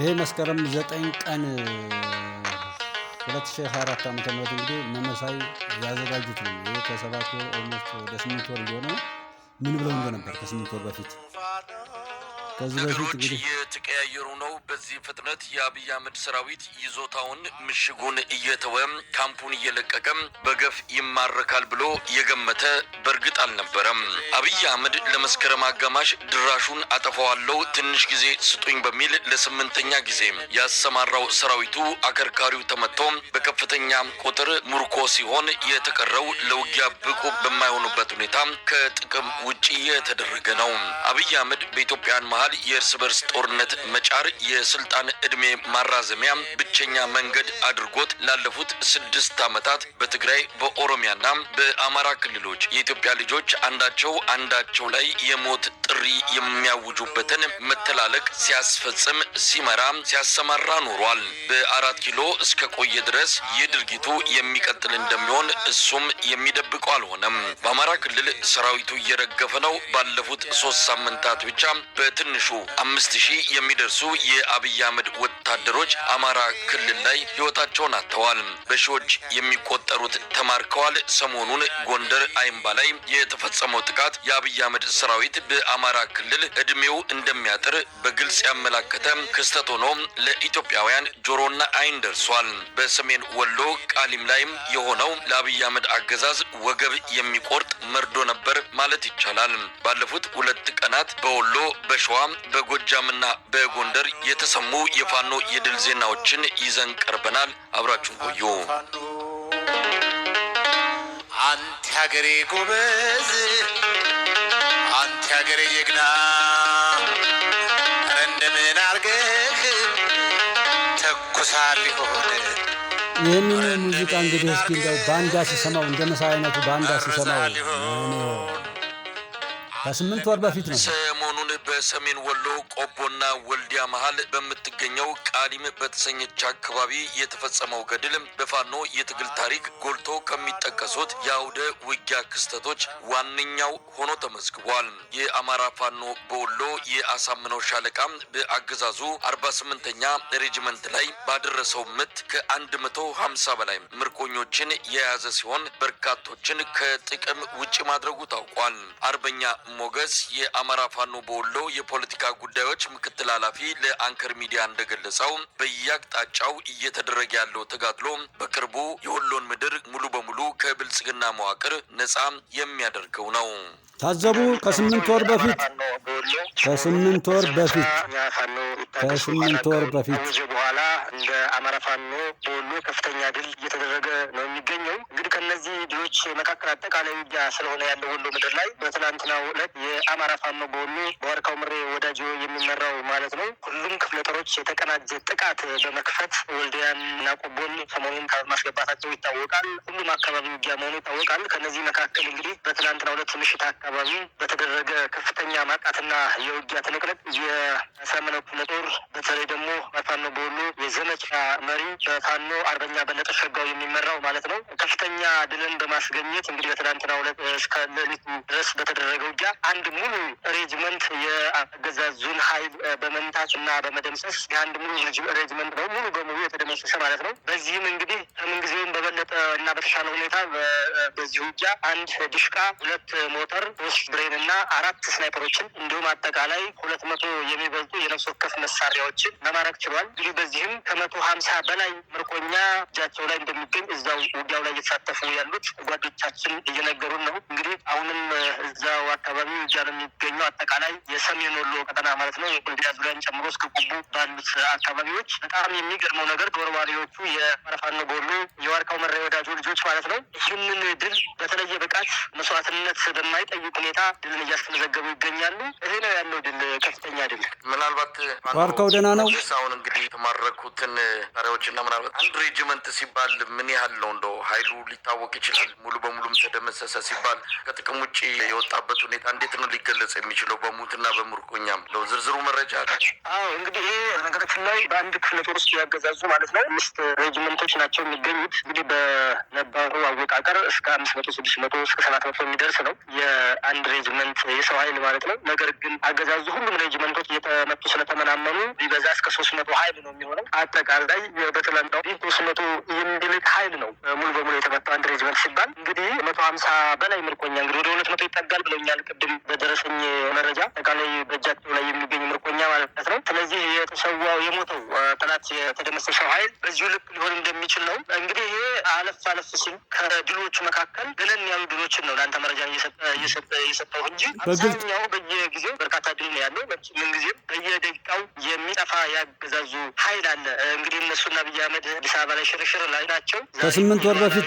ይሄ መስከረም ዘጠኝ ቀን 2024 ዓ ም እንግዲህ መመሳይ ያዘጋጁት ነው። ይህ ከሰባት ወር ኦልሞስት ወደ ስምንት ወር እየሆነ ምን ብለው እንደነበር ከስምንት ወር በፊት ነገሮች እየተቀያየሩ ነው። በዚህ ፍጥነት የአብይ አህመድ ሰራዊት ይዞታውን ምሽጉን እየተወ ካምፑን እየለቀቀ በገፍ ይማረካል ብሎ የገመተ በእርግጥ አልነበረም። አብይ አህመድ ለመስከረም አጋማሽ ድራሹን አጠፋዋለሁ ትንሽ ጊዜ ስጡኝ በሚል ለስምንተኛ ጊዜ ያሰማራው ሰራዊቱ አከርካሪው ተመቶ በከፍተኛ ቁጥር ሙርኮ ሲሆን የተቀረው ለውጊያ ብቁ በማይሆኑበት ሁኔታ ከጥቅም ውጭ የተደረገ ነው። አብይ አህመድ በኢትዮጵያን መሀል የእርስ በርስ ጦርነት መጫር የስልጣን ዕድሜ ማራዘሚያ ብቸኛ መንገድ አድርጎት ላለፉት ስድስት ዓመታት በትግራይ በኦሮሚያና በአማራ ክልሎች የኢትዮጵያ ልጆች አንዳቸው አንዳቸው ላይ የሞት ጥሪ የሚያውጁበትን መተላለቅ ሲያስፈጽም ሲመራ ሲያሰማራ ኖሯል። በአራት ኪሎ እስከ ቆየ ድረስ ይህ ድርጊቱ የሚቀጥል እንደሚሆን እሱም የሚደብቀው አልሆነም። በአማራ ክልል ሰራዊቱ እየረገፈ ነው። ባለፉት ሶስት ሳምንታት ብቻ በትን በትንሹ አምስት ሺህ የሚደርሱ የአብይ አህመድ ወታደሮች አማራ ክልል ላይ ሕይወታቸውን አጥተዋል። በሺዎች የሚቆጠሩት ተማርከዋል። ሰሞኑን ጎንደር አይምባ ላይ የተፈጸመው ጥቃት የአብይ አህመድ ሰራዊት በአማራ ክልል እድሜው እንደሚያጥር በግልጽ ያመላከተ ክስተት ሆኖ ለኢትዮጵያውያን ጆሮና አይን ደርሷል። በሰሜን ወሎ ቃሊም ላይም የሆነው ለአብይ አህመድ አገዛዝ ወገብ የሚቆርጥ መርዶ ነበር ማለት ይቻላል። ባለፉት ሁለት ቀናት በወሎ በሸዋ በጎጃምና በጎንደር የተሰሙ የፋኖ የድል ዜናዎችን ይዘን ቀርበናል። አብራችሁን ቆዩ። አንተ ሀገሬ ጎበዝ፣ አንተ ሀገሬ ጀግና እንደምን አርገህ ተኩሳል ሊሆን ይህንን ሙዚቃ እንግዲህ እስኪ እንደው ባንዳ ሲሰማው እንደ መሳይ አይነቱ ባንዳ ሲሰማው ከስምንት ወር በፊት ነው። በሰሜን ወሎ ቆቦና ወልዲያ መሀል በመ በምትገኘው ቃሊም በተሰኘች አካባቢ የተፈጸመው ገድል በፋኖ የትግል ታሪክ ጎልቶ ከሚጠቀሱት የአውደ ውጊያ ክስተቶች ዋነኛው ሆኖ ተመዝግቧል። የአማራ ፋኖ በወሎ የአሳምነው ሻለቃ በአገዛዙ 48ኛ ሬጅመንት ላይ ባደረሰው ምት ከ150 በላይ ምርኮኞችን የያዘ ሲሆን በርካቶችን ከጥቅም ውጭ ማድረጉ ታውቋል። አርበኛ ሞገስ የአማራ ፋኖ በወሎ የፖለቲካ ጉዳዮች ምክትል ኃላፊ ለአንከር ሚዲያ እንደገለጸው በየአቅጣጫው እየተደረገ ያለው ተጋድሎ በቅርቡ የወሎን ምድር ሙሉ በሙሉ ከብልጽግና መዋቅር ነጻ የሚያደርገው ነው። ታዘቡ። ከስምንት ወር በፊት ከስምንት ወር በፊት ከስምንት ወር በፊት በኋላ እንደ አማራ ፋኖ በወሎ ከፍተኛ ድል እየተደረገ ነው የሚገኘው። እንግዲህ ከነዚህ ድሎች መካከል አጠቃላይ ውጊያ ስለሆነ ያለው ወሎ ምድር ላይ በትናንትናው ዕለት የአማራ ፋኖ በወሎ በዋርካው ምሬ ወዳጆ የሚመራው ማለት ነው ሁሉም ክፍለ ጦሮች የተቀናጀ ጥቃት በመክፈት እና ቆቦን ሰሞኑን ማስገባታቸው ይታወቃል። ሁሉም አካባቢ ውጊያ መሆኑ ይታወቃል። ከነዚህ መካከል እንግዲህ በትናንትና ሁለት ምሽት አካባቢ በተደረገ ከፍተኛ ማጥቃትና የውጊያ ትንቅንቅ የሳምነው ክፍለ ጦር በተለይ ደግሞ ፋኖ በወሎ ዘመቻ መሪ በፋኖ አርበኛ በለጠ ሸጋው የሚመራው ማለት ነው ከፍተኛ ድልን በማስገኘት እንግዲህ በትናንትና ሁለት እስከ ሌሊት ድረስ በተደረገ ውጊያ አንድ ሙሉ ሬጅመንት የአገዛዙን ኃይል በመምታት እና በመደምሰስ የአንድ ሙሉ ሬጅመንት ነው ሙሉ በሙሉ የተደመሰሰ ማለት ነው። በዚህም እንግዲህ ከምንጊዜውም በበለጠ እና በተሻለ ሁኔታ በዚህ ውጊያ አንድ ዲሽቃ፣ ሁለት ሞተር፣ ሶስት ብሬን እና አራት ስናይፐሮችን እንዲሁም አጠቃላይ ሁለት መቶ የሚበልጡ የነፍስ ወከፍ መሳሪያዎችን መማረክ ችሏል። እንግዲህ በዚህም ከመቶ ሀምሳ በላይ ምርኮኛ እጃቸው ላይ እንደሚገኝ እዛው ውጊያው ላይ እየተሳተፉ ያሉት ጓዶቻችን እየነገሩን ነው። እንግዲህ አሁንም እዛው አካባቢ ውጊያ ነው የሚገኘው። አጠቃላይ የሰሜን ወሎ ቀጠና ማለት ነው የጎንደር ዙሪያን ጨምሮ እስከ ቁቡ ባሉት አካባቢዎች በጣም የሚገርመው ነገር ጎርባሪዎቹ የመረፋኖ ጎሉ የዋርካው መራ የወዳጆ ልጆች ማለት ነው ይህንን ድል በተለየ ብቃት መስዋዕትነት በማይጠይቅ ሁኔታ ድልን እያስመዘገቡ ይገኛሉ። ይሄ ነው ያለው ድል፣ ከፍተኛ ድል። ምናልባት ዋርካው ደህና ነው። አሁን እንግዲህ የተማረኩት ያሉትን ታሪያዎች እና ምናልባት አንድ ሬጅመንት ሲባል ምን ያህል ነው እንደ ሀይሉ ሊታወቅ ይችላል። ሙሉ በሙሉም ተደመሰሰ ሲባል ከጥቅም ውጭ የወጣበት ሁኔታ እንዴት ነው ሊገለጽ የሚችለው? በሙትና በምርኮኛም ለው ዝርዝሩ መረጃ አለ። አዎ እንግዲህ ይህ ነገራችን ላይ በአንድ ክፍለ ጦር ውስጥ ያገዛዙ ማለት ነው አምስት ሬጅመንቶች ናቸው የሚገኙት። እንግዲህ በነባሩ አወቃቀር እስከ አምስት መቶ ስድስት መቶ እስከ ሰባት መቶ የሚደርስ ነው የአንድ ሬጅመንት የሰው ሀይል ማለት ነው። ነገር ግን አገዛዙ ሁሉም ሬጅመንቶች እየተመቱ ስለተመናመኑ ቢበዛ እስከ ሶስት መቶ ሀይል ነው የሚሆነው። አጠቃላይ በትላንት ሶስት መቶ የሚልቅ ሀይል ነው ሙሉ በሙሉ የተመታው አንድ ሬጅመንት ሲባል እንግዲህ መቶ ሀምሳ በላይ ምርኮኛ እንግዲህ ወደ ሁለት መቶ ይጠጋል ብለኛል ቅድም በደረሰኝ መረጃ አጠቃላይ በእጃቸው ላይ የሚገኝ ምርኮኛ ማለት ነው። ስለዚህ የተሰዋው የሞተው ጠላት የተደመሰሰው ሀይል በዚሁ ልክ ሊሆን እንደሚችል ነው። እንግዲህ ይሄ አለፍ አለፍ ሲል ከድሎቹ መካከል ገለን ያሉ ድሎችን ነው ለአንተ መረጃ እየሰጠው እንጂ አብዛኛው በየጊዜው በርካታ ድል ነው ያለው። ምንጊዜም በየደቂቃው የሚጠፋ ያገዛዙ ሀይል አለ አለ። እንግዲህ እነሱና አብይ አህመድ አዲስ አበባ ላይ ሽርሽር ላይ ናቸው። ከስምንት ወር በፊት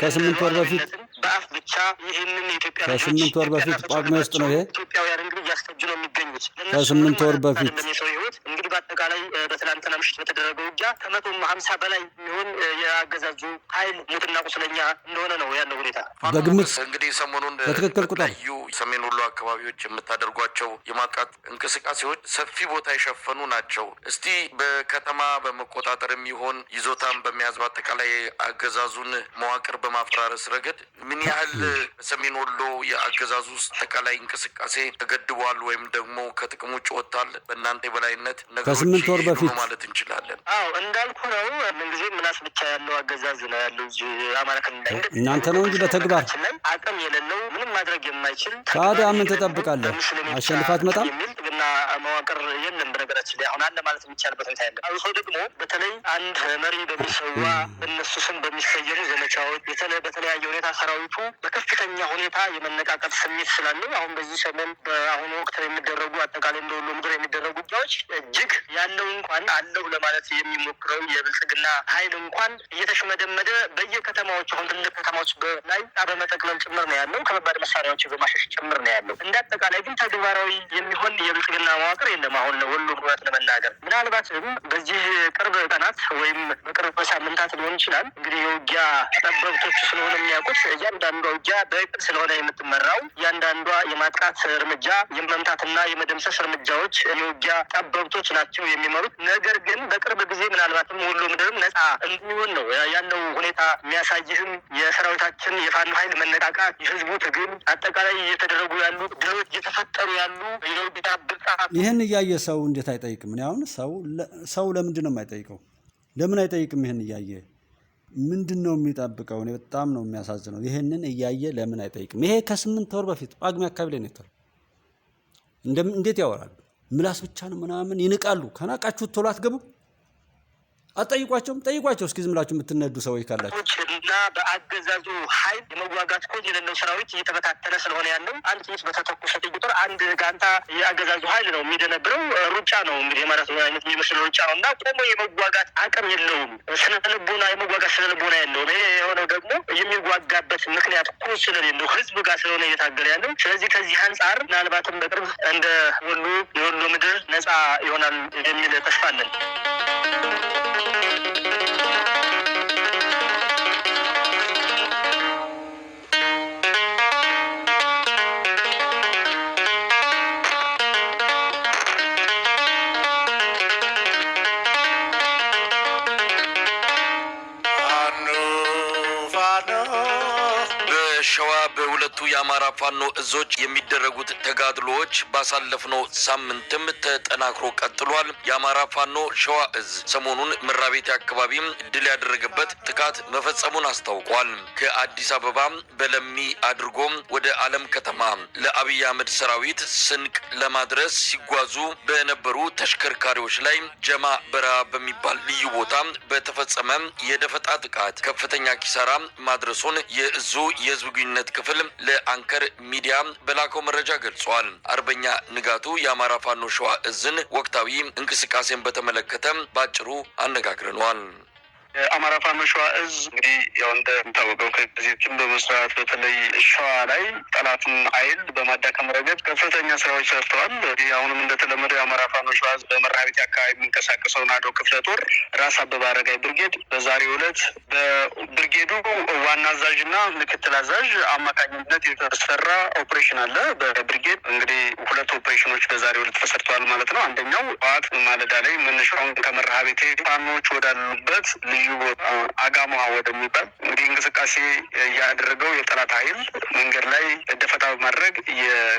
ከስምንት ወር በፊት በአፍ ብቻ ይህንን የኢትዮጵያ ከስምንት ወር በፊት ጳጉሜ ውስጥ ነው ይሄ ኢትዮጵያውያን እንግዲህ እያስተጁ ነው የሚገኙት። ከስምንት ወር በፊት የሰው ህይወት እንግዲህ በአጠቃላይ በትላንትና ምሽት በተደረገው ውጊያ ከመቶ ሀምሳ በላይ የሚሆን የአገዛዙ ሀይል ሙትና ቁስለኛ እንደሆነ ነው ያለው ሁኔታ። በግምት እንግዲህ ሰሞኑን በትክክል ቁጥር ዩ ሰሜን ወሎ አካባቢዎች የምታደርጓቸው የማጥቃት እንቅስቃሴዎች ሰፊ ቦታ የሸፈኑ ናቸው። እስቲ በከተማ በመቆጣጠር የሚሆን ይዞታን በመያዝ በአጠቃላይ አገዛዙን መዋቅር በማፈራረስ ረገድ ምን ያህል በሰሜን ወሎ የአገዛዙ ውስጥ አጠቃላይ እንቅስቃሴ ተገድቧል ወይም ደግሞ ከጥቅም ውጭ ወጥቷል? በእናንተ የበላይነት ነገሮች ወር በፊት ማለት እንችላለን። አዎ እንዳልኩ ነው። ምንጊዜ ምናስ ብቻ ያለው አገዛዝ ነው ያለው እ አማራ ክልል እናንተ ነው እንጂ በተግባር አቅም የሌለው ምንም ማድረግ የማይችል ታዲያ ምን ትጠብቃለህ? አሸንፋት መጣም የሚል ግና መዋቅር የለም። በነገራችን ላይ አሁን አለ ማለት የሚቻል የሚቀርበት ሁኔታ ያለ አብሶ ደግሞ በተለይ አንድ መሪ በሚሰዋ በእነሱ ስም በሚሰየሩ ዘመቻዎች በተለያየ ሁኔታ ሰራዊቱ በከፍተኛ ሁኔታ የመነቃቀብ ስሜት ስላለው አሁን በዚህ ሰሞን በአሁኑ ወቅት የሚደረጉ አጠቃላይ እንደ ሁሉ ምድር የሚደረጉ ጉዳዮች እጅግ ያለው እንኳን አለው ለማለት የሚሞክረው የብልጽግና ኃይል እንኳን እየተሽመደመደ በየከተማዎች አሁን ትልቅ ከተማዎች ላይ በመጠቅለል ጭምር ነው ያለው። ከባድ መሳሪያዎች በማሸሽ ጭምር ነው ያለው። እንደ አጠቃላይ ግን ተግባራዊ የሚሆን የብልጽግና መዋቅር የለም። አሁን ሁሉ እውነት ለመናገር ምናልባት ምክንያቱም በዚህ ቅርብ ቀናት ወይም በቅርብ ሳምንታት ሊሆን ይችላል እንግዲህ የውጊያ ጠበብቶቹ ስለሆነ የሚያውቁት እያንዳንዷ ውጊያ በእቅድ ስለሆነ የምትመራው እያንዳንዷ የማጥቃት እርምጃ የመምታትና የመደምሰስ እርምጃዎች የውጊያ ጠበብቶች ናቸው የሚመሩት። ነገር ግን በቅርብ ጊዜ ምናልባትም ሁሉ ምድርም ነጻ እንደሚሆን ነው ያለው ሁኔታ የሚያሳይህም የሰራዊታችን የፋኖ ኃይል መነቃቃት፣ የህዝቡ ትግል፣ አጠቃላይ እየተደረጉ ያሉ ድሮች እየተፈጠሩ ያሉ የውጊያ ብቃት ይህን እያየ ሰው እንዴት አይጠይቅም? እኔ አሁን ሰው ሰው ለምንድን ነው የማይጠይቀው? ለምን አይጠይቅም? ይህን እያየ ምንድን ነው የሚጠብቀው? እኔ በጣም ነው የሚያሳዝነው። ይህንን እያየ ለምን አይጠይቅም? ይሄ ከስምንት ወር በፊት ጳጉሜ አካባቢ ላይ ነው። እንዴት ያወራል? ምላስ ብቻ ነው ምናምን ይንቃሉ። ከናቃችሁት ቶሎ አትገቡም? አትጠይቋቸውም? ጠይቋቸው እስኪ። ዝም ብላችሁ የምትነዱ ሰዎች ካላችሁ እና በአገዛዙ ኃይል የመዋጋት ኮጅ የሌለው ሰራዊት እየተበታተነ ስለሆነ ያለው አንድ ጥይት በተተኮሰ ቁጥር አንድ ጋንታ የአገዛዙ ኃይል ነው የሚደነብረው። ሩጫ ነው እንግዲህ ማለት አይነት የሚመስል ሩጫ ነው እና ቆሞ የመዋጋት አቅም የለውም። ስነልቦና የመዋጋት ስነልቦና የለውም። ይሄ የሆነው ደግሞ የሚዋጋበት ምክንያት ኮጅ ስለሌለው ህዝብ ጋር ስለሆነ እየታገለ ያለው። ስለዚህ ከዚህ አንጻር ምናልባትም በቅርብ እንደ ወሎ የወሎ ምድር ነፃ ይሆናል የሚል ተስፋ አለን። በሁለቱ የአማራ ፋኖ እዞች የሚደረጉት ተጋድሎዎች ባሳለፍነው ሳምንትም ተጠናክሮ ቀጥሏል። የአማራ ፋኖ ሸዋ እዝ ሰሞኑን መራቤቴ አካባቢም ድል ያደረገበት ጥቃት መፈጸሙን አስታውቋል። ከአዲስ አበባ በለሚ አድርጎ ወደ አለም ከተማ ለአብይ አህመድ ሰራዊት ስንቅ ለማድረስ ሲጓዙ በነበሩ ተሽከርካሪዎች ላይ ጀማ በረሃ በሚባል ልዩ ቦታ በተፈጸመ የደፈጣ ጥቃት ከፍተኛ ኪሳራ ማድረሱን የእዙ የህዝብ ግንኙነት ክፍል ለአንከር ሚዲያ በላከው መረጃ ገልጿል። አርበኛ ንጋቱ የአማራ ፋኖ ሸዋ እዝን ወቅታዊ እንቅስቃሴን በተመለከተ በአጭሩ አነጋግረነዋል። የአማራ ፋኖ ሸዋ እዝ እንግዲህ ያው እንደሚታወቀው ከጊዜዎችም በመስራት በተለይ ሸዋ ላይ ጠላትን አይል በማዳከም ረገድ ከፍተኛ ስራዎች ሰርተዋል። እንግዲህ አሁንም እንደተለመደው የአማራ ፋኖ ሸዋ እዝ በመራቤት አካባቢ የሚንቀሳቀሰው ናዶ ክፍለ ጦር ራስ አበበ አረጋይ ብርጌድ በዛሬው ዕለት በብርጌዱ ዋና አዛዥ እና ምክትል አዛዥ አማካኝነት የተሰራ ኦፕሬሽን አለ። በብርጌድ እንግዲህ ሁለት ኦፕሬሽኖች በዛሬው ዕለት ተሰርተዋል ማለት ነው። አንደኛው ጠዋት ማለዳ ላይ መነሻውን ከመርሃቤቴ ፋኖዎች ወዳሉበት ልዩ ልዩ ቦታ አጋማ ወደሚባል እንግዲህ እንቅስቃሴ ያደረገው የጠላት ኃይል መንገድ ላይ ደፈጣ በማድረግ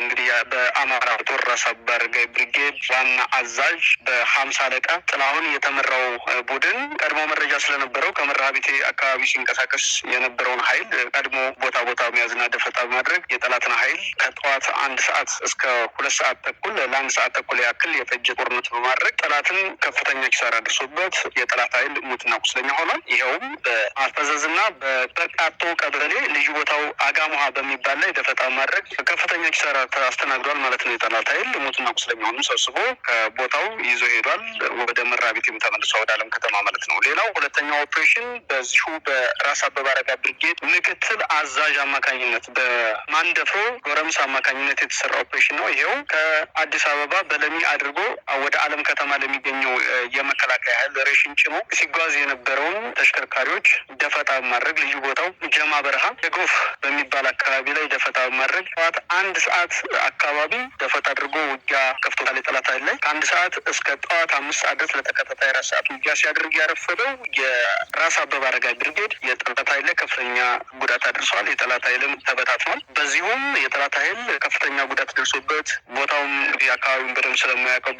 እንግዲህ በአማራ ጦር ራስ አበበ ብሪጌድ ዋና አዛዥ በሀምሳ አለቃ ጥላሁን የተመራው ቡድን ቀድሞ መረጃ ስለነበረው ከመርሃ ቤቴ አካባቢ ሲንቀሳቀስ የነበረውን ኃይል ቀድሞ ቦታ ቦታ መያዝና ደፈጣ በማድረግ የጠላትን ኃይል ከጠዋት አንድ ሰዓት እስከ ሁለት ሰዓት ተኩል ለአንድ ሰዓት ተኩል ያክል የፈጀ ጦርነት በማድረግ ጠላትን ከፍተኛ ኪሳራ ደርሶበት የጠላት ኃይል ሙትና ቁስለኛ ሆኗል። ይኸውም በአስተዘዝና በበቃቶ ቀበሌ ልዩ ቦታው አጋሙሃ በሚባል ላይ ደፈጣ ማድረግ ከፍተኛ ኪሳራ አስተናግዷል ማለት ነው። የጠላት ኃይል ሙትና ቁስለኛውንም ሰብስቦ ከቦታው ይዞ ሄዷል። ወደ መራ መራቤቴም ተመልሷል፣ ወደ አለም ከተማ ማለት ነው። ሌላው ሁለተኛው ኦፕሬሽን በዚሁ በራስ አበበ አረጋ ብርጌድ ምክትል አዛዥ አማካኝነት በማንደፍሮ ጎረምስ አማካኝነት የተሰራ ኦፕሬሽን ነው። ይኸው ከአዲስ አበባ በለሚ አድርጎ ወደ አለም ከተማ ለሚገኘው የመከላከያ ኃይል ሬሽን ጭኖ ሲጓዝ የነበረው የሆኑ ተሽከርካሪዎች ደፈጣ በማድረግ ልዩ ቦታው ጀማ በረሃ የጎፍ በሚባል አካባቢ ላይ ደፈጣ በማድረግ ጠዋት አንድ ሰዓት አካባቢ ደፈጣ አድርጎ ውጊያ ከፍቶታል። የጠላት ኃይል ላይ ከአንድ ሰዓት እስከ ጠዋት አምስት ሰዓት ድረስ ለተከታታይ አራት ሰዓት ውጊያ ሲያደርግ ያረፈደው የራስ አበበ አረጋይ ብርጌድ የጠላት ኃይል ላይ ከፍተኛ ጉዳት አድርሷል። የጠላት ኃይልም ተበታትኗል። በዚሁም የጠላት ኃይል ከፍተኛ ጉዳት ደርሶበት ቦታውም የአካባቢውን በደንብ ስለማያውቀው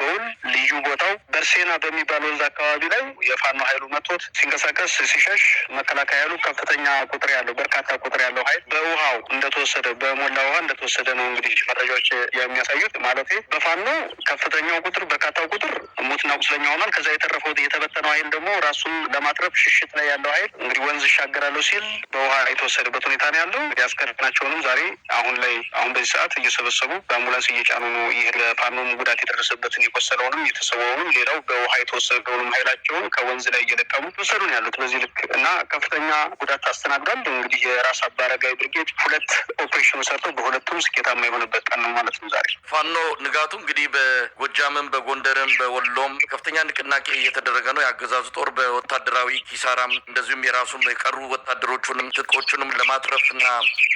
ልዩ ቦታው በርሴና በሚባል ወንዝ አካባቢ ላይ የፋኖ ኃይሉ መቶት ሲንቀሳቀስ ሲሸሽ መከላከያ ያሉ ከፍተኛ ቁጥር ያለው በርካታ ቁጥር ያለው ኃይል በውሃው እንደተወሰደ በሞላ ውሃ እንደተወሰደ ነው እንግዲህ መረጃዎች የሚያሳዩት። ማለት በፋኖ ከፍተኛው ቁጥር በርካታው ቁጥር ሙትና ቁስለኛ ሆኗል። ከዛ የተረፈው የተበተነው ኃይል ደግሞ ራሱን ለማትረፍ ሽሽት ላይ ያለው ኃይል እንግዲህ ወንዝ ይሻገራለሁ ሲል በውሃ የተወሰደበት ሁኔታ ነው ያለው። እንግዲህ አስከሬናቸውንም ዛሬ አሁን ላይ አሁን በዚህ ሰዓት እየሰበሰቡ በአምቡላንስ እየጫኑ ነው። ይህ ለፋኖም ጉዳት የደረሰበትን የቆሰለውንም የተሰወውንም ሌላው በውሃ የተወሰደውንም ኃይላቸውን ከወንዝ ላይ እየለቀሙ እየወሰዱ ነው ያሉት በዚህ ልክ እና ከፍተኛ ጉዳት አስተናግዷል። እንግዲህ የራስ አባረጋዊ ብርጌድ ሁለት ኦፕሬሽኑ ሰርተው በሁለቱም ስኬታማ የሆነበት ቀን ነው ማለት ነው ዛሬ። ፋኖ ንጋቱ እንግዲህ በጎጃምም በጎንደርም በወሎም ከፍተኛ ንቅናቄ እየተደረገ ነው። የአገዛዙ ጦር በወታደራዊ ኪሳራም እንደዚሁም የራሱም የቀሩ ወታደሮቹንም ትጥቆቹንም ለማትረፍ እና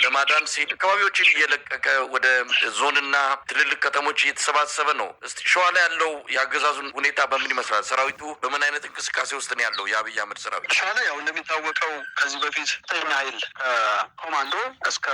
ለማዳን ሲል አካባቢዎችን እየለቀቀ ወደ ዞንና ትልልቅ ከተሞች እየተሰባሰበ ነው። እስቲ ሸዋ ላይ ያለው የአገዛዙን ሁኔታ በምን ይመስላል? ሰራዊቱ በምን አይነት እንቅስቃሴ ውስጥ ነው ያለው? የአብይ የሚያራምድ ሰራዊት ሻለ። ያው እንደሚታወቀው ከዚህ በፊት ተኛ ኃይል ኮማንዶ እስከ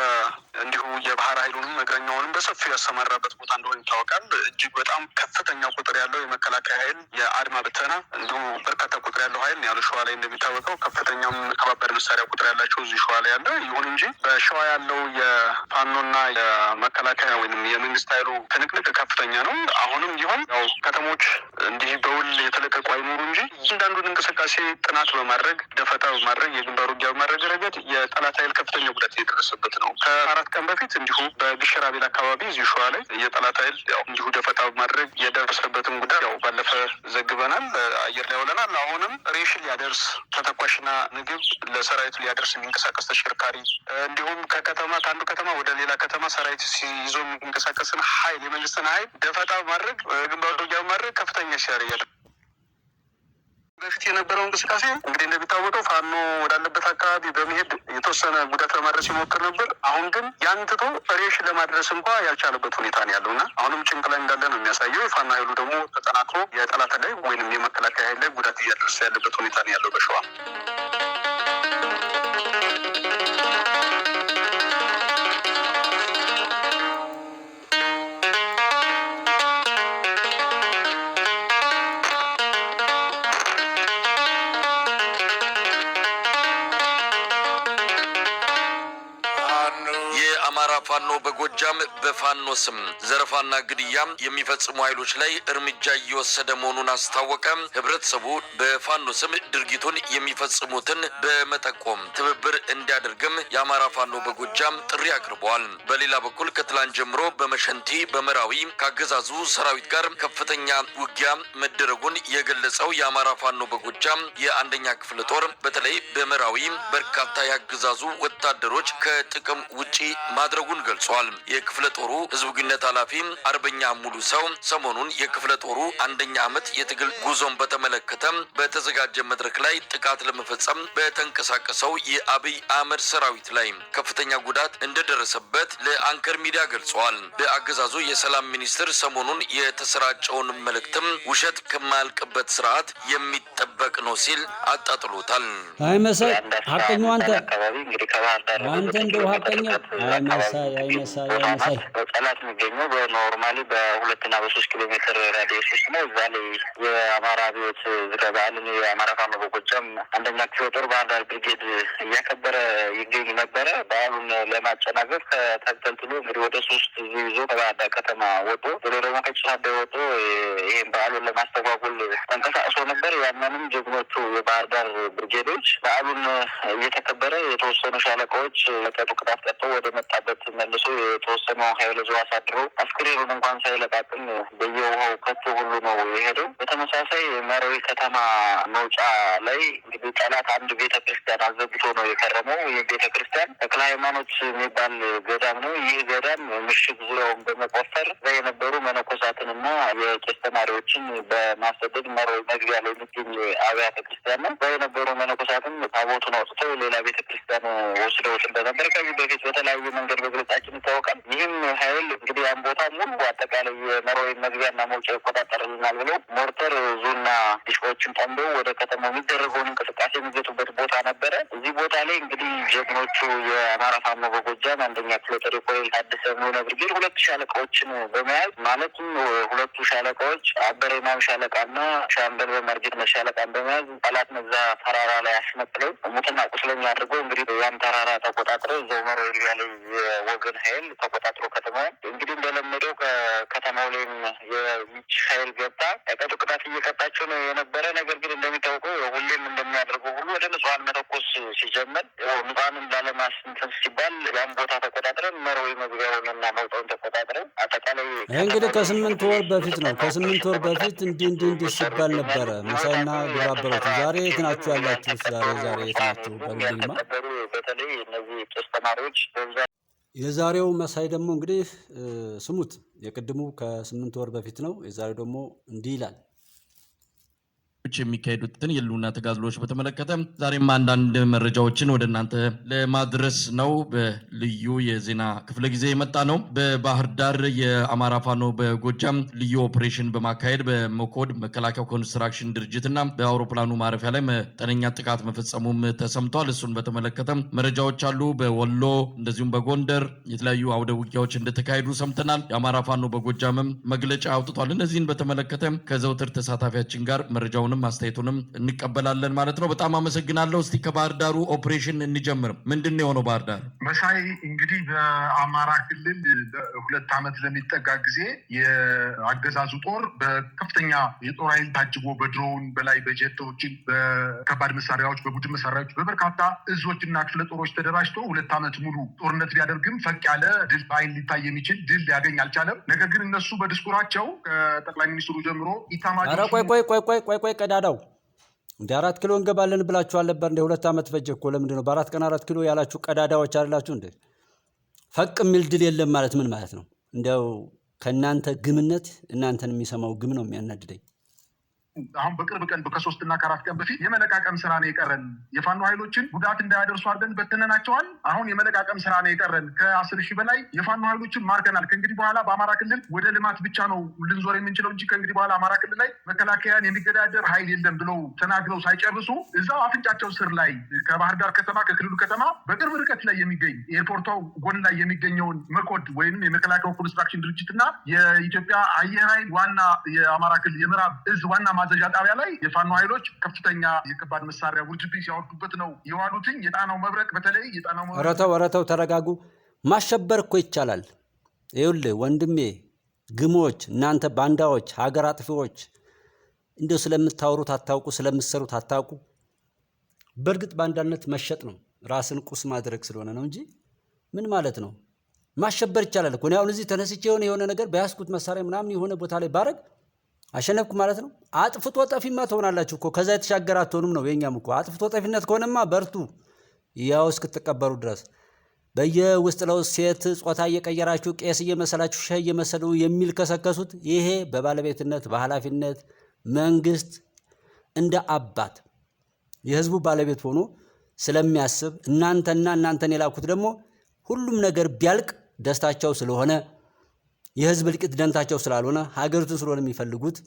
እንዲሁ የባህር ኃይሉንም እግረኛውንም በሰፊው ያሰማራበት ቦታ እንደሆነ ይታወቃል። እጅግ በጣም ከፍተኛ ቁጥር ያለው የመከላከያ ኃይል የአድማ ብተና እንዲሁ በርካታ ቁጥር ያለው ኃይል ያሉ ሸዋ ላይ እንደሚታወቀው ከፍተኛም ከባበድ መሳሪያ ቁጥር ያላቸው እዚህ ሸዋ ላይ ያለ። ይሁን እንጂ በሸዋ ያለው የፋኖና የመከላከያ ወይም የመንግስት ኃይሉ ትንቅንቅ ከፍተኛ ነው። አሁንም ቢሆን ያው ከተሞች እንዲህ በውል የተለቀቁ አይኖሩ እንጂ እያንዳንዱን እንቅስቃሴ ጥናት ጥቃት በማድረግ ደፈጣ በማድረግ የግንባር ውጊያ በማድረግ ረገድ የጠላት ኃይል ከፍተኛ ጉዳት የደረሰበት ነው። ከአራት ቀን በፊት እንዲሁ በግሽራቤል አካባቢ እዚህ ሸዋ ላይ የጠላት ኃይል ያው እንዲሁ ደፈጣ በማድረግ የደረሰበትን ጉዳት ያው ባለፈ ዘግበናል፣ አየር ላይ ውለናል። አሁንም ሬሽን ሊያደርስ ተተኳሽና ምግብ ለሰራዊቱ ሊያደርስ የሚንቀሳቀስ ተሽከርካሪ እንዲሁም ከከተማ ከአንዱ ከተማ ወደ ሌላ ከተማ ሰራዊት ሲይዞ የሚንቀሳቀስን ኃይል የመንግስትን ኃይል ደፈጣ በማድረግ ግንባር ውጊያ በማድረግ ከፍተኛ ሲያር እያደረገ በፊት የነበረው እንቅስቃሴ እንግዲህ እንደሚታወቀው ፋኖ ወዳለበት አካባቢ በመሄድ የተወሰነ ጉዳት ለማድረስ ይሞክር ነበር። አሁን ግን ያን ትቶ ሬሽ ለማድረስ እንኳ ያልቻለበት ሁኔታ ነው ያለውና አሁንም ጭንቅ ላይ እንዳለ ነው የሚያሳየው። የፋኖ ኃይሉ ደግሞ ተጠናክሮ የጠላት ላይ ወይም የመከላከያ ኃይል ላይ ጉዳት እያደረሰ ያለበት ሁኔታ ነው ያለው በሸዋ ፋኖ በጎጃም በፋኖ ስም ዘረፋና ግድያ የሚፈጽሙ ኃይሎች ላይ እርምጃ እየወሰደ መሆኑን አስታወቀ። ህብረተሰቡ በፋኖ ስም ድርጊቱን የሚፈጽሙትን በመጠቆም ትብብር እንዲያደርግም የአማራ ፋኖ በጎጃም ጥሪ አቅርበዋል። በሌላ በኩል ከትላንት ጀምሮ በመሸንቲ በመራዊ ከአገዛዙ ሰራዊት ጋር ከፍተኛ ውጊያ መደረጉን የገለጸው የአማራ ፋኖ በጎጃም የአንደኛ ክፍለ ጦር በተለይ በመራዊ በርካታ ያገዛዙ ወታደሮች ከጥቅም ውጪ ማድረጉን ገልጿል። የክፍለ ጦሩ ህዝብ ግንኙነት ኃላፊ አርበኛ ሙሉ ሰው ሰሞኑን የክፍለ ጦሩ አንደኛ ዓመት የትግል ጉዞን በተመለከተ በተዘጋጀ መድረክ ላይ ጥቃት ለመፈጸም በተንቀሳቀሰው የአብይ አህመድ ሰራዊት ላይ ከፍተኛ ጉዳት እንደደረሰበት ለአንከር ሚዲያ ገልጸዋል። በአገዛዙ የሰላም ሚኒስትር ሰሞኑን የተሰራጨውን መልእክትም ውሸት ከማያልቅበት ስርዓት የሚጠበቅ ነው ሲል አጣጥሎታል። አይ ሀቀኛ አንተ አንተ እንደው ሀቀኛ አይመሰ የአይመሳይ የአይመሳይ ጠላት የሚገኘው በኖርማሊ በሁለትና በሶስት ኪሎ ሜትር ራዲየስ ውስጥ ነው። እዛ ላይ የአማራ አብዮት ዝክረ የአማራ ፋኖ በጎጃም አንደኛ ክፍለ ጦር ባህር ዳር ብርጌድ እያከበረ ይገኝ ነበረ። በዓሉን ለማጨናገፍ ከተንትሎ እንግዲህ ወደ ሶስት ይዞ ከባህር ዳር ከተማ ወጦ ወደ ደግሞ ከጭሳደ ወጦ ይህም በዓሉን ለማስተጓጉል ተንቀሳቅሶ ነበር። ያንንም ጀግኖቹ የባህር ዳር ብርጌዶች በዓሉን እየተከበረ የተወሰኑ ሻለቃዎች ለቀጡ ቅጣት ቀጥተው ወደ መጣበት መልሶ የተወሰነው ሀይል ዞ አሳድሮ አስክሬኑን እንኳን ሳይለቃቅም በየውሃው ከቶ ሁሉ ነው የሄደው። በተመሳሳይ መራዊ ከተማ መውጫ ላይ እንግዲህ ጠላት አንድ ቤተ ክርስቲያን አዘግቶ ነው የከረመው። ይህ ቤተ ክርስቲያን ተክለ ሃይማኖት የሚባል ገዳም ነው። ይህ ገዳም ምሽግ ዙሪያውን በመቆፈር ዛ የነበሩ መነኮሳትንና የቄስ ተማሪዎችን በማሰደድ መራዊ መግቢያ ላይ የሚገኝ አብያተ ክርስቲያን ነው። ዛ የነበሩ መነኮሳትም ታቦቱን አውጥተው ሌላ ቤተ ክርስቲያኑ ወስደውት እንደነበረ ከዚህ በፊት በተለያዩ መንገድ መግለጻችን ይታወቃል። ይህም ኃይል እንግዲህ ያን ቦታ ሙሉ አጠቃላይ የመራዊን መግቢያና መውጫ ይቆጣጠርልናል ብለው ሞርተር ዙና ዲሽቆችን ጠምደው ወደ ከተማው የሚደረገውን እንቅስቃሴ የሚገጡበት ቦታ ነበረ። እዚህ ቦታ ላይ እንግዲህ ጀግኖቹ የአማራ ፋኖ በጎጃም አንደኛ ክፍለ ጦር ኮሎኔል ታደሰ የሚሆነ ብርጌድ ሁለት ሻለቃዎችን በመያዝ ማለትም ሁለቱ ሻለቃዎች አበረ ኢማም ሻለቃና ሻምበል በመርጌድ መሻለቃን በመያዝ ጠላት መዛ ተራራ ላይ አስመጥለው ሙትና ቁስለኛ አድርጎ እንግዲህ ያን ተራራ ተቆጣጥሮ እዛው መሮ ያለ የወገን ሀይል ተቆጣጥሮ ከተማውን እንግዲህ እንደለመደው ከከተማው ላይም የሚች ሀይል ገባ ቀጡ ቅጣት እየቀጣቸው ነው የነበረ። ነገር ግን እንደሚታወቀው ሁሌም እንደሚያደርገው ሁሉ ወደ ንጹሀን መተኮስ ሲጀመር ንጹሀንን ላለማስንትን ሲባል ያን ቦታ ተቆጣጥረን መሮ መግቢያውንና መውጣውን ተቆጣጥረን አጠቃላይ ይህ እንግዲህ ከስምንት ወር በፊት ነው ከስምንት ወር በፊት እንዲህ እንዲህ እንዲህ ሲባል ነበረ መሳይና ግብረ አበሮች ዛሬ የት ናችሁ ያላችሁ ዛሬ ዛሬ ትምህርት በግል በተለይ እነዚህ ቄስ ተማሪዎች በብዛት የዛሬው መሳይ ደግሞ እንግዲህ ስሙት። የቅድሙ ከስምንት ወር በፊት ነው። የዛሬው ደግሞ እንዲህ ይላል። የሚካሄዱትን የህልውና ተጋድሎዎች በተመለከተ ዛሬም አንዳንድ መረጃዎችን ወደ እናንተ ለማድረስ ነው። በልዩ የዜና ክፍለ ጊዜ የመጣ ነው። በባህር ዳር የአማራ ፋኖ በጎጃም ልዩ ኦፕሬሽን በማካሄድ በመኮድ መከላከያ ኮንስትራክሽን ድርጅት እና በአውሮፕላኑ ማረፊያ ላይ መጠነኛ ጥቃት መፈጸሙም ተሰምቷል። እሱን በተመለከተ መረጃዎች አሉ። በወሎ እንደዚሁም በጎንደር የተለያዩ አውደ ውጊያዎች እንደተካሄዱ ሰምተናል። የአማራ ፋኖ በጎጃምም መግለጫ አውጥቷል። እነዚህን በተመለከተ ከዘውትር ተሳታፊያችን ጋር መረጃውንም ሀሳቡንም አስተያየቱንም እንቀበላለን ማለት ነው። በጣም አመሰግናለሁ። እስቲ ከባህር ዳሩ ኦፕሬሽን እንጀምርም። ምንድን የሆነው ባህር ዳር? መሳይ እንግዲህ በአማራ ክልል ሁለት ዓመት ለሚጠጋ ጊዜ የአገዛዙ ጦር በከፍተኛ የጦር ኃይል ታጅቦ በድሮውን በላይ በጀቶችን በከባድ መሳሪያዎች፣ በቡድን መሳሪያዎች በበርካታ እዞችና ክፍለ ጦሮች ተደራጅቶ ሁለት ዓመት ሙሉ ጦርነት ቢያደርግም ፈቅ ያለ ድል በአይን ሊታይ የሚችል ድል ሊያገኝ አልቻለም። ነገር ግን እነሱ በድስኩራቸው ከጠቅላይ ሚኒስትሩ ጀምሮ ኢታማ ቆይ ቆይ ቆይ ቆይ ቆይ ቆይ ቀዳዳው እንደ አራት ኪሎ እንገባለን ብላችሁ አልነበር? እንደ ሁለት ዓመት ፈጀ እኮ ለምንድን ነው በአራት ቀን አራት ኪሎ ያላችሁ ቀዳዳዎች አይደላችሁ እንዴ? ፈቅ የሚል ድል የለም ማለት ምን ማለት ነው? እንደው ከእናንተ ግምነት እናንተን የሚሰማው ግም ነው የሚያናድደኝ። አሁን በቅርብ ቀን ከሶስትና ከአራት ቀን በፊት የመለቃቀም ስራ ነው የቀረን። የፋኖ ኃይሎችን ጉዳት እንዳያደርሱ አድርገን በትነናቸዋል። አሁን የመለቃቀም ስራ ነው የቀረን። ከአስር ሺህ በላይ የፋኖ ኃይሎችን ማርከናል። ከእንግዲህ በኋላ በአማራ ክልል ወደ ልማት ብቻ ነው ልንዞር የምንችለው እንጂ ከእንግዲህ በኋላ አማራ ክልል ላይ መከላከያን የሚገዳደር ኃይል የለም ብለው ተናግረው ሳይጨርሱ እዛው አፍንጫቸው ስር ላይ ከባህር ዳር ከተማ ከክልሉ ከተማ በቅርብ ርቀት ላይ የሚገኝ ኤርፖርቷ ጎን ላይ የሚገኘውን መኮድ ወይም የመከላከያ ኮንስትራክሽን ድርጅት የኢትዮጵያ አየር ኃይል ዋና የአማራ ክልል የምዕራብ እዝ ዋና ማዘዣ ጣቢያ ላይ የፋኖ ኃይሎች ከፍተኛ የከባድ መሳሪያ ውርጅብኝ ሲያወርዱበት ነው የዋሉትኝ። የጣናው መብረቅ በተለይ የጣናው መብረቅ። ረተው ተው ተረጋጉ። ማሸበር እኮ ይቻላል። ይኸውልህ ወንድሜ፣ ግሞች፣ እናንተ ባንዳዎች፣ ሀገር አጥፊዎች እንዲሁ ስለምታወሩት አታውቁ፣ ስለምትሰሩት አታውቁ። በእርግጥ ባንዳነት መሸጥ ነው፣ ራስን ቁስ ማድረግ ስለሆነ ነው እንጂ ምን ማለት ነው? ማሸበር ይቻላል እኮ። እኔ አሁን እዚህ ተነስቼ የሆነ የሆነ ነገር በያዝኩት መሳሪያ ምናምን የሆነ ቦታ ላይ ባረግ አሸነፍኩ ማለት ነው። አጥፍቶ ጠፊማ ትሆናላችሁ እኮ ከዛ የተሻገር አትሆኑም ነው የኛም እኮ አጥፍቶ ጠፊነት ከሆነማ በርቱ ያው እስክትቀበሩ ድረስ በየውስጥ ለውስጥ ሴት ጾታ እየቀየራችሁ ቄስ እየመሰላችሁ ሸህ እየመሰሉ የሚል ከሰከሱት ይሄ በባለቤትነት በኃላፊነት መንግስት እንደ አባት የህዝቡ ባለቤት ሆኖ ስለሚያስብ እናንተና እናንተን የላኩት ደግሞ ሁሉም ነገር ቢያልቅ ደስታቸው ስለሆነ የህዝብ እልቂት ደንታቸው ስላልሆነ ሀገሪቱን ስለሆነ የሚፈልጉት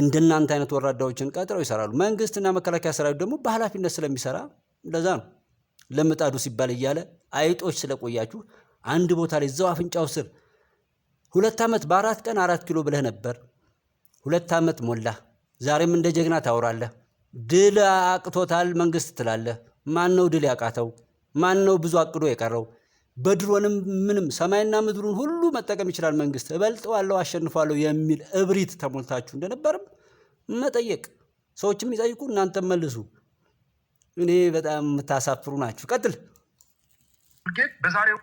እንደናንተ አይነት ወራዳዎችን ቀጥረው ይሰራሉ። መንግስትና መከላከያ ሰራዊት ደግሞ በኃላፊነት ስለሚሰራ እንደዛ ነው። ለምጣዱ ሲባል እያለ አይጦች ስለቆያችሁ አንድ ቦታ ላይ እዛው አፍንጫው ስር ሁለት ዓመት በአራት ቀን አራት ኪሎ ብለህ ነበር። ሁለት ዓመት ሞላ። ዛሬም እንደ ጀግና ታወራለህ። ድል አቅቶታል መንግስት ትላለህ። ማን ነው ድል ያቃተው? ማን ነው ብዙ አቅዶ የቀረው? በድሮንም ምንም ሰማይና ምድሩን ሁሉ መጠቀም ይችላል መንግስት እበልጠዋለሁ አሸንፏለሁ የሚል እብሪት ተሞልታችሁ እንደነበርም መጠየቅ ሰዎችም ይጠይቁ እናንተም መልሱ። እኔ በጣም የምታሳፍሩ ናችሁ። ቀጥል። በዛሬው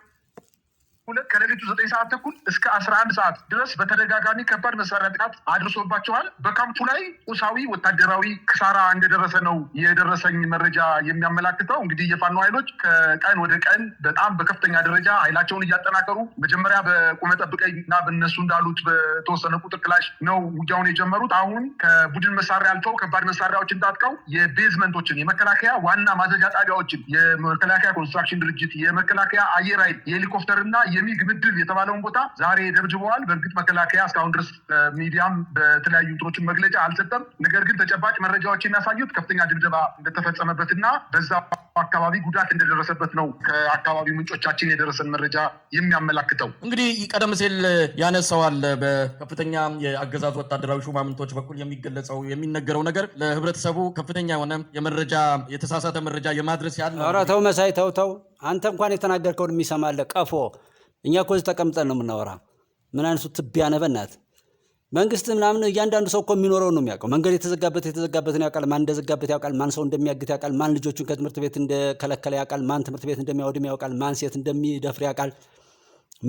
ሁለት ከሌሊቱ ዘጠኝ ሰዓት ተኩል እስከ አስራ አንድ ሰዓት ድረስ በተደጋጋሚ ከባድ መሳሪያ ጥቃት አድርሶባቸዋል። በካምፑ ላይ ቁሳዊ ወታደራዊ ክሳራ እንደደረሰ ነው የደረሰኝ መረጃ የሚያመላክተው። እንግዲህ የፋኖ ኃይሎች ከቀን ወደ ቀን በጣም በከፍተኛ ደረጃ ኃይላቸውን እያጠናከሩ መጀመሪያ በቁመ ጠብቀኝ እና በነሱ እንዳሉት በተወሰነ ቁጥር ክላሽ ነው ውጊያውን የጀመሩት። አሁን ከቡድን መሳሪያ አልፈው ከባድ መሳሪያዎችን ታጥቀው የቤዝመንቶችን የመከላከያ ዋና ማዘጃ ጣቢያዎችን የመከላከያ ኮንስትራክሽን ድርጅት፣ የመከላከያ አየር ኃይል የሄሊኮፕተር እና የሚል ግብድብ የተባለውን ቦታ ዛሬ ደብድበዋል። በእርግጥ መከላከያ እስካሁን ድረስ ሚዲያም በተለያዩ እንትኖችን መግለጫ አልሰጠም። ነገር ግን ተጨባጭ መረጃዎች የሚያሳዩት ከፍተኛ ድብደባ እንደተፈጸመበት እና በዛ አካባቢ ጉዳት እንደደረሰበት ነው ከአካባቢው ምንጮቻችን የደረሰን መረጃ የሚያመላክተው። እንግዲህ ቀደም ሲል ያነሳዋል በከፍተኛ የአገዛዝ ወታደራዊ ሹማምንቶች በኩል የሚገለጸው የሚነገረው ነገር ለህብረተሰቡ ከፍተኛ የሆነ የመረጃ የተሳሳተ መረጃ የማድረስ ያለ ተው መሳይ ተው ተው አንተ እንኳን የተናገርከውን የሚሰማለ ቀፎ እኛ እኮ እዚህ ተቀምጠን ነው የምናወራ። ምን አይነቱ ትቢያ ያነበናት? መንግስት ምናምን እያንዳንዱ ሰው እኮ የሚኖረው ነው የሚያውቀው። መንገድ የተዘጋበት የተዘጋበትን ያውቃል። ማን እንደዘጋበት ያውቃል። ማን ሰው እንደሚያግት ያውቃል። ማን ልጆቹን ከትምህርት ቤት እንደከለከለ ያውቃል። ማን ትምህርት ቤት እንደሚያወድም ያውቃል። ማን ሴት እንደሚደፍር ያውቃል።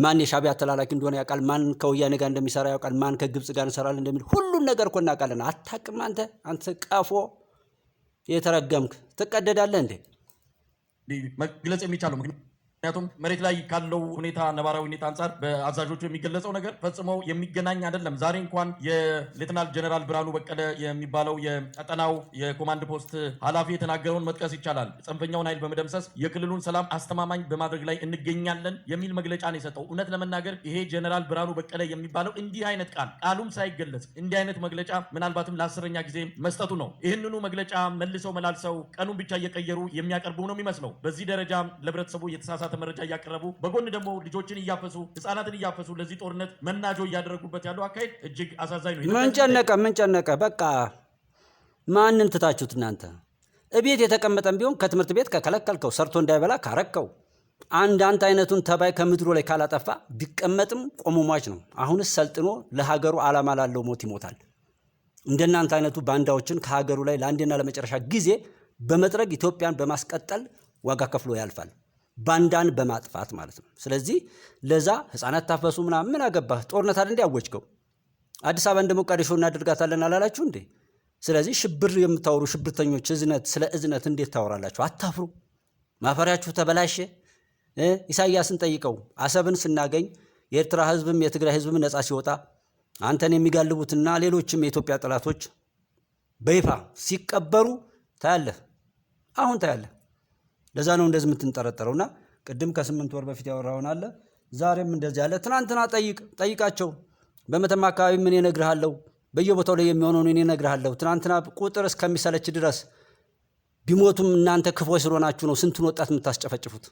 ማን የሻዕቢያ አተላላኪ እንደሆነ ያውቃል። ማን ከወያኔ ጋር እንደሚሰራ ያውቃል። ማን ከግብፅ ጋር እንሰራለን እንደሚል ሁሉን ነገር እኮ እናውቃለን። አታውቅም አንተ አንተ ቀፎ የተረገምክ ትቀደዳለህ እንዴ? መግለጽ የሚቻለው ምክንያት ምክንያቱም መሬት ላይ ካለው ሁኔታ ነባራዊ ሁኔታ አንጻር በአዛዦቹ የሚገለጸው ነገር ፈጽሞ የሚገናኝ አይደለም። ዛሬ እንኳን የሌትናል ጀነራል ብርሃኑ በቀለ የሚባለው የቀጠናው የኮማንድ ፖስት ኃላፊ የተናገረውን መጥቀስ ይቻላል። ጽንፈኛውን ኃይል በመደምሰስ የክልሉን ሰላም አስተማማኝ በማድረግ ላይ እንገኛለን የሚል መግለጫ ነው የሰጠው። እውነት ለመናገር ይሄ ጀነራል ብርሃኑ በቀለ የሚባለው እንዲህ አይነት ቃል ቃሉም ሳይገለጽ እንዲህ አይነት መግለጫ ምናልባትም ለአስረኛ ጊዜ መስጠቱ ነው። ይህንኑ መግለጫ መልሰው መላልሰው ቀኑን ብቻ እየቀየሩ የሚያቀርቡ ነው የሚመስለው። በዚህ ደረጃ ለህብረተሰቡ የተሳሳ የተሳሳተ መረጃ እያቀረቡ በጎን ደግሞ ልጆችን እያፈሱ ህጻናትን እያፈሱ ለዚህ ጦርነት መናጆ እያደረጉበት ያለው አካሄድ እጅግ አሳዛኝ ነው። ምን ጨነቀ? ምን ጨነቀ? በቃ ማንን ትታችሁት እናንተ እቤት የተቀመጠን ቢሆን ከትምህርት ቤት ከከለከልከው ሰርቶ እንዳይበላ ካረከው አንተ አይነቱን ተባይ ከምድሩ ላይ ካላጠፋ ቢቀመጥም ቆሞ ነው። አሁንስ ሰልጥኖ ለሀገሩ ዓላማ ላለው ሞት ይሞታል። እንደናንተ አይነቱ ባንዳዎችን ከሀገሩ ላይ ለአንዴና ለመጨረሻ ጊዜ በመጥረግ ኢትዮጵያን በማስቀጠል ዋጋ ከፍሎ ያልፋል። ባንዳን በማጥፋት ማለት ነው። ስለዚህ ለዛ ህፃናት ታፈሱ ምናምን ምን አገባህ? ጦርነት አለ እንዲ አዲስ አበባ እንደ ሞቃዲሾ እናደርጋታለን አላላችሁ እንዴ? ስለዚህ ሽብር የምታወሩ ሽብርተኞች፣ እዝነት ስለ እዝነት እንዴት ታወራላችሁ? አታፍሩ። ማፈሪያችሁ ተበላሸ። ኢሳያስን ጠይቀው። አሰብን ስናገኝ የኤርትራ ህዝብም የትግራይ ህዝብም ነፃ ሲወጣ አንተን የሚጋልቡትና ሌሎችም የኢትዮጵያ ጠላቶች በይፋ ሲቀበሩ ታያለህ። አሁን ታያለህ። ለዛ ነው እንደዚህ የምትንጠረጠረው። እና ቅድም ከስምንት ወር በፊት ያወራውን አለ ዛሬም እንደዚህ አለ። ትናንትና ጠይቅ ጠይቃቸው። በመተማ አካባቢ ምን እነግርሃለሁ፣ በየቦታው ላይ የሚሆነውን እኔ እነግርሃለሁ። ትናንትና ቁጥር እስከሚሰለች ድረስ ቢሞቱም እናንተ ክፎች ስለሆናችሁ ነው ስንቱን ወጣት የምታስጨፈጭፉት።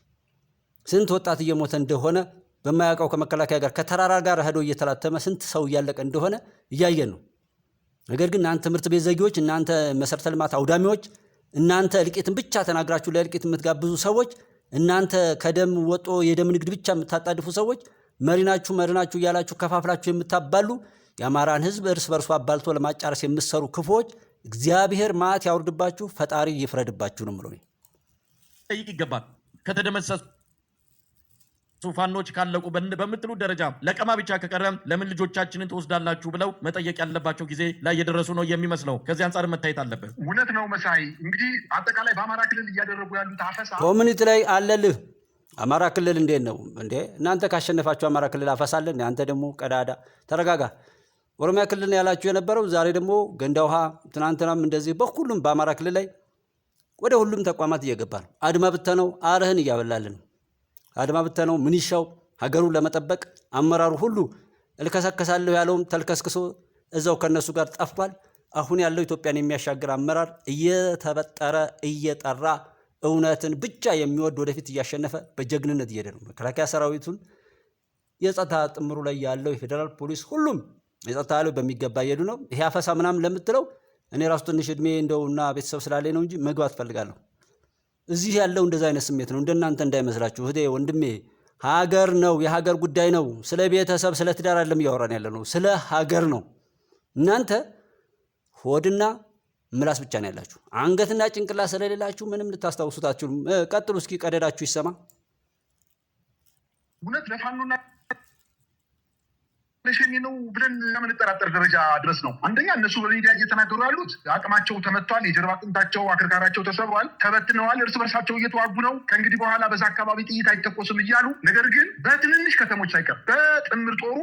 ስንት ወጣት እየሞተ እንደሆነ በማያውቀው ከመከላከያ ጋር ከተራራ ጋር ሄዶ እየተላተመ ስንት ሰው እያለቀ እንደሆነ እያየን ነው። ነገር ግን እናንተ ትምህርት ቤት ዘጊዎች፣ እናንተ መሰረተ ልማት አውዳሚዎች እናንተ እልቂትን ብቻ ተናግራችሁ ለእልቂት የምትጋብዙ ሰዎች፣ እናንተ ከደም ወጦ የደም ንግድ ብቻ የምታጣድፉ ሰዎች፣ መሪናችሁ መሪናችሁ እያላችሁ ከፋፍላችሁ የምታባሉ የአማራን ህዝብ እርስ በርሱ አባልቶ ለማጫረስ የምትሰሩ ክፉዎች እግዚአብሔር ማት ያውርድባችሁ፣ ፈጣሪ ይፍረድባችሁ ነው ምሎ ይገባል ከተደመሰሱ ፋኖች ካለቁ በምትሉ ደረጃ ለቀማ ብቻ ከቀረ ለምን ልጆቻችንን ትወስዳላችሁ ብለው መጠየቅ ያለባቸው ጊዜ ላይ የደረሱ ነው የሚመስለው። ከዚህ አንጻር መታየት አለበት። እውነት ነው መሳይ። እንግዲህ አጠቃላይ በአማራ ክልል እያደረጉ ያሉት አፈሳ ኮሚኒቲ ላይ አለልህ። አማራ ክልል እንዴት ነው እንዴ? እናንተ ካሸነፋችሁ አማራ ክልል አፈሳለን። አንተ ደግሞ ቀዳዳ ተረጋጋ። ኦሮሚያ ክልል ያላችሁ የነበረው ዛሬ ደግሞ ገንዳ ውሃ፣ ትናንትናም እንደዚህ በሁሉም በአማራ ክልል ላይ ወደ ሁሉም ተቋማት እየገባ ነው። አድማ ብተነው አርህን እያበላልን ነው አድማ ብተናው ምንሻው ሀገሩን ለመጠበቅ አመራሩ ሁሉ እልከሰከሳለሁ ያለውም ተልከስክሶ እዛው ከነሱ ጋር ጠፍቷል። አሁን ያለው ኢትዮጵያን የሚያሻግር አመራር እየተበጠረ እየጠራ እውነትን ብቻ የሚወድ ወደፊት እያሸነፈ በጀግንነት እየሄደ ነው። መከላከያ ሰራዊቱን የጸጥታ ጥምሩ ላይ ያለው የፌዴራል ፖሊስ ሁሉም የጸጥታ ያለው በሚገባ እየሄዱ ነው። ይሄ አፈሳ ምናምን ለምትለው እኔ ራሱ ትንሽ እድሜ እንደውና ቤተሰብ ስላለኝ ነው እንጂ መግባት ፈልጋለሁ። እዚህ ያለው እንደዛ አይነት ስሜት ነው። እንደናንተ እንዳይመስላችሁ እህቴ ወንድሜ፣ ሀገር ነው የሀገር ጉዳይ ነው። ስለ ቤተሰብ ስለ ትዳር አይደለም እያወራን ያለ ነው፣ ስለ ሀገር ነው። እናንተ ሆድና ምላስ ብቻ ነው ያላችሁ። አንገትና ጭንቅላት ስለሌላችሁ ምንም ልታስታውሱታችሁ። ቀጥሉ እስኪ፣ ቀደዳችሁ ይሰማ እውነት ለፋኖና በሸኔ ነው ብለን ለምንጠራጠር ደረጃ ድረስ ነው። አንደኛ እነሱ በሚዲያ እየተናገሩ ያሉት አቅማቸው ተመቷል፣ የጀርባ አጥንታቸው አክርካሪያቸው ተሰብሯል፣ ተበትነዋል፣ እርስ በርሳቸው እየተዋጉ ነው፣ ከእንግዲህ በኋላ በዛ አካባቢ ጥይት አይተኮስም እያሉ ነገር ግን በትንንሽ ከተሞች ሳይቀር በጥምር ጦሩ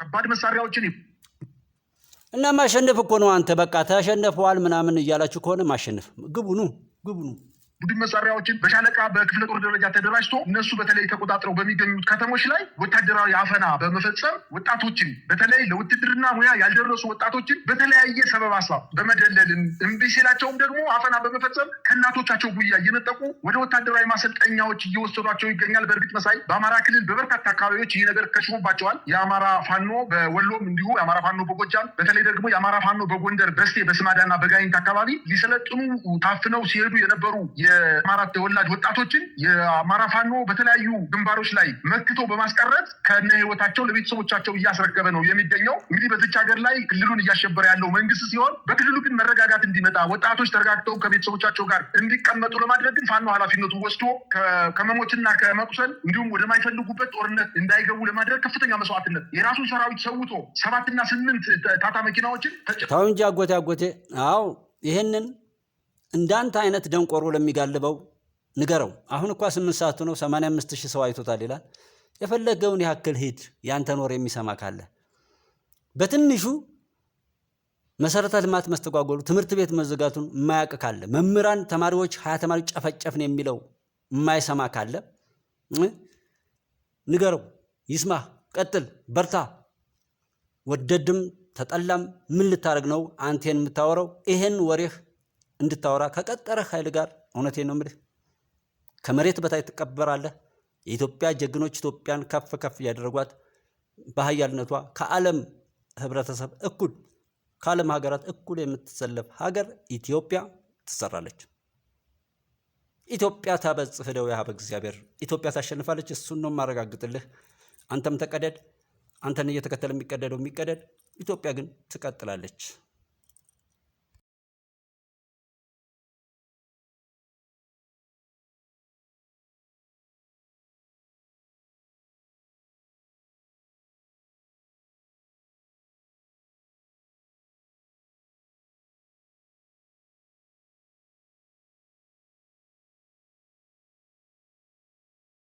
ከባድ መሳሪያዎችን እና ማሸነፍ እኮ ነው። አንተ በቃ ተሸነፈዋል ምናምን እያላችሁ ከሆነ ማሸነፍ ግቡኑ ግቡኑ ቡድን መሳሪያዎችን በሻለቃ በክፍለ ጦር ደረጃ ተደራጅቶ እነሱ በተለይ ተቆጣጥረው በሚገኙት ከተሞች ላይ ወታደራዊ አፈና በመፈጸም ወጣቶችን በተለይ ለውትድርና ሙያ ያልደረሱ ወጣቶችን በተለያየ ሰበብ አስባብ በመደለልን እምቢ ሲላቸውም ደግሞ አፈና በመፈጸም ከእናቶቻቸው ጉያ እየነጠቁ ወደ ወታደራዊ ማሰልጠኛዎች እየወሰዷቸው ይገኛል። በእርግጥ መሳይ በአማራ ክልል በበርካታ አካባቢዎች ይህ ነገር ከሽፎባቸዋል። የአማራ ፋኖ በወሎም እንዲሁ የአማራ ፋኖ በጎጃም በተለይ ደግሞ የአማራ ፋኖ በጎንደር በስቴ በስማዳና በጋይንት አካባቢ ሊሰለጥኑ ታፍነው ሲሄዱ የነበሩ የአማራ ተወላጅ ወጣቶችን የአማራ ፋኖ በተለያዩ ግንባሮች ላይ መክቶ በማስቀረት ከነ ህይወታቸው ለቤተሰቦቻቸው እያስረከበ ነው የሚገኘው። እንግዲህ በዚች ሀገር ላይ ክልሉን እያሸበረ ያለው መንግስት ሲሆን፣ በክልሉ ግን መረጋጋት እንዲመጣ ወጣቶች ተረጋግተው ከቤተሰቦቻቸው ጋር እንዲቀመጡ ለማድረግ ግን ፋኖ ኃላፊነቱ ወስዶ ከመሞትና ከመቁሰል እንዲሁም ወደማይፈልጉበት ጦርነት እንዳይገቡ ለማድረግ ከፍተኛ መስዋዕትነት የራሱን ሰራዊት ሰውቶ ሰባትና ስምንት ታታ መኪናዎችን ታሁን ጃጎቴ አጎቴ አዎ ይህንን እንዳንተ አይነት ደንቆሮ ለሚጋልበው ንገረው። አሁን እኳ ስምንት ሰዓቱ ነው፣ ሰማንያ አምስት ሺህ ሰው አይቶታል ይላል። የፈለገውን ያክል ሂድ፣ ያንተ ኖር የሚሰማ ካለ በትንሹ መሰረተ ልማት መስተጓጎሉ፣ ትምህርት ቤት መዘጋቱን የማያውቅ ካለ መምህራን፣ ተማሪዎች ሀያ ተማሪዎች ጨፈጨፍን የሚለው የማይሰማ ካለ ንገረው፣ ይስማህ ቀጥል፣ በርታ። ወደድም ተጠላም ምን ልታደርግ ነው አንቴን የምታወረው? ይሄን ወሬህ እንድታወራ ከቀጠረ ኃይል ጋር እውነቴ ነው የምልህ ከመሬት በታች ትቀበራለህ። የኢትዮጵያ ጀግኖች ኢትዮጵያን ከፍ ከፍ እያደረጓት በሀያልነቷ ከዓለም ህብረተሰብ እኩል ከዓለም ሀገራት እኩል የምትሰለፍ ሀገር ኢትዮጵያ ትሰራለች። ኢትዮጵያ ታበጽሕ እደዊሃ እግዚአብሔር፣ ኢትዮጵያ ታሸንፋለች። እሱን ነው የማረጋግጥልህ። አንተም ተቀደድ፣ አንተን እየተከተለ የሚቀደደው የሚቀደድ። ኢትዮጵያ ግን ትቀጥላለች።